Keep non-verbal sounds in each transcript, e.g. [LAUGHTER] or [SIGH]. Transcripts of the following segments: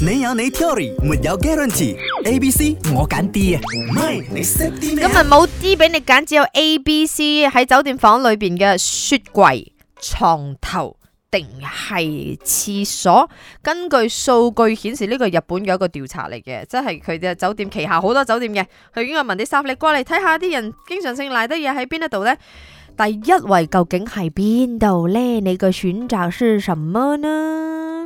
你有你 theory 沒有 guarantee。A、B、C 我揀 D 啊，唔係，你揀 D，咁咪冇 D 俾你揀，只有 A、B、C。喺酒店房裏邊嘅雪櫃、床頭定係廁所？根據數據顯示，呢個日本有一個調查嚟嘅，即係佢哋酒店旗下好多酒店嘅，佢應該問啲實力過來睇下啲人經常性賴得嘢喺邊一度呢？第一位究竟係邊度呢？你嘅選擇是什麼呢？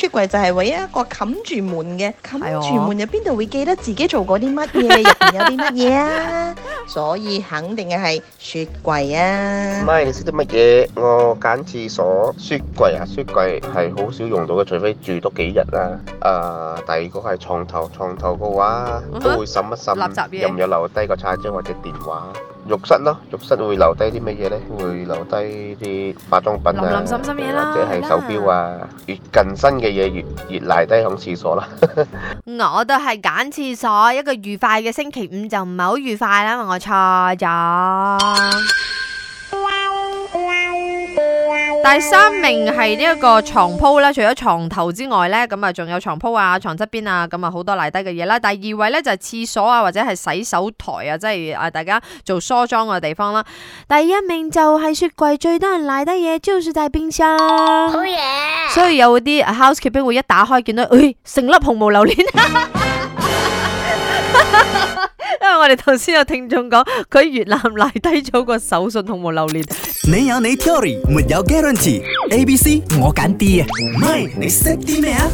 雪櫃就係唯一一個冚住門嘅，冚住門入邊度會記得自己做過啲乜嘢，入邊 [LAUGHS] 有啲乜嘢啊？所以肯定係係雪櫃啊！唔係，你識得乜嘢？我揀廁所，雪櫃啊，雪櫃係好少用到嘅，除非住多幾日啦、啊。誒，第二個係床頭，床頭嘅話、嗯、哼都會審一審，有唔有留低個叉張或者電話？浴室咯，浴室會留低啲乜嘢咧？會留低啲化妝品啊，淋淋深深啊或者係手錶啊。啊越近身嘅嘢越越賴低響廁所啦。 [LAUGHS] 我都係揀廁所，一個愉快嘅星期五就唔係好愉快啦，因為我錯咗。第三名係呢一個床鋪啦，除咗床頭之外咧，咁啊仲有床鋪啊、床側邊啊，咁啊好多賴低嘅嘢啦。第二位咧就係、是、廁所啊，或者係洗手台啊，即係啊大家做梳妝嘅地方啦。第一名就係雪櫃最多人賴低嘢，就算大冰箱，oh、yeah. 所以有啲 housekeeping 會一打開見到，誒、哎、成粒紅毛榴蓮。 [LAUGHS] [LAUGHS] 我哋頭先有聽眾講，佢越南賴低咗個手信毫無留戀。你有你 theory，沒有 guarantee。A B C，我揀 D 啊，唔係你識啲咩啊？